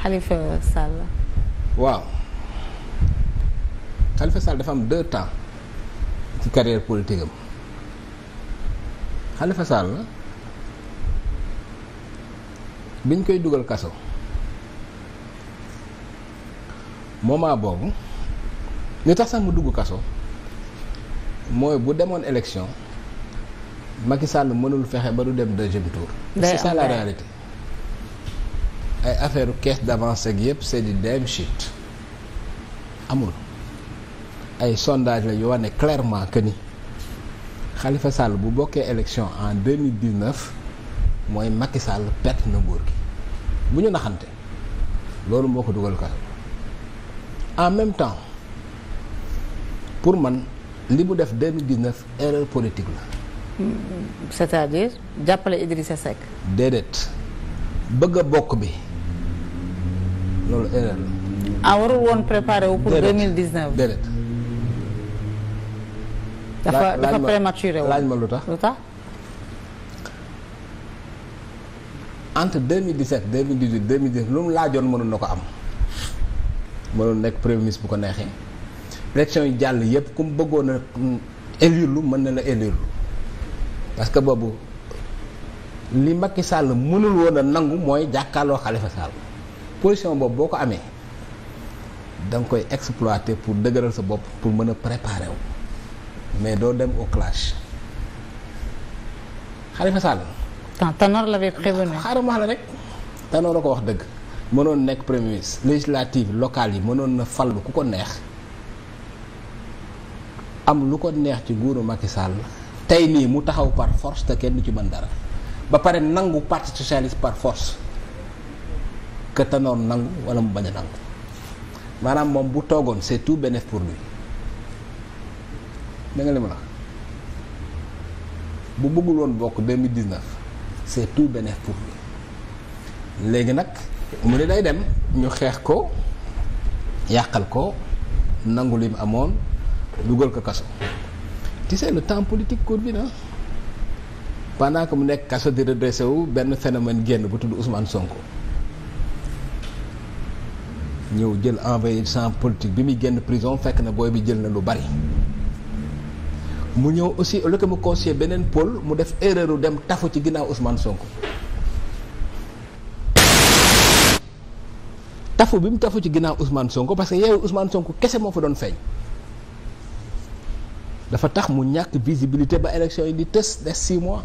Khalifa Sall. waaw Khalifa Sall dafa am deux temps ci carrière politique am Khalifa Sall biñ koy dugal kaso moment boobu ñu tax sax mu dugg kaso mooy bu demoon élection Macky Sall mënul fexe ba du dem deuxième tour. c'est ça la ay affaire caisse d'avance ak yëpp c'est du damn shit amul ay sondage la yu wane clairement que ni xalifa Sall bu bokkee élection en 2019 mooy Macky Sall perte na nguur gi bu ñu naxante loolu moo ko dugal kaso en même temps pour man li mu def 2019 erreur politique la. c'est-à-dire jàppale Idrissa Seck. déedéet bëgg bokk bi. loolu erreur ah, woon préparé wu pour deux mille dix neuf. déedéet. laaj ma lu tax lu tax. entre deux mille dix sept deux mille mu laajoon mënoon na ko am mënoon nekk premier ministre bu ko neexee. élection yi jàll yëpp ku mu bëggoon a élire mën na la élire lu parce que boobu li Macky Sall mënul woon a nangu mooy jàkkaaloo Khalifa Sall. position boobu boo ko amee danga koy exploité pour dëgëral sa bopp pour mën a préparer mais doo dem au clash Khalifa Sall. ah Tanor l'avait prévenu. xaaral la rek Tanor a ko wax dëgg. mënoon nekk premier législative locale yi mënoon na fallu ku ko neex am lu ko neex ci nguuru Macky Sall tey nii mu taxaw par force te kenn ci mën dara ba pare nangu parti socialiste par force. que Tanor nangu wala mu bañ a nangu maanaam moom bu toogoon c'est tout bénéf pour lui da nga la bu bëggul woon bokk 2019 c'est tout bénéf pour lui léegi nag mu ne day dem ñu xeex ko yàqal ko nangu li mu amoon dugal ko kaso tu sais le temps politique court bi na pendant que mu nekk kaso di redressé wu benn phénomène génn bu tudd Ousmane Sonko ñëw jël envoyé sans politique bi muy génn prison fekk na booy bi jël na lu bari. mu ñëw aussi lu mu conseiller beneen pôle mu def erreur dem tafu ci ginnaaw Ousmane Sonko. tafu bi mu tafu ci ginnaaw Ousmane Sonko parce que yeewu Sonko kese moo fa doon feeñ. dafa tax mu ñàkk visibilité ba élection yi di tës des six mois.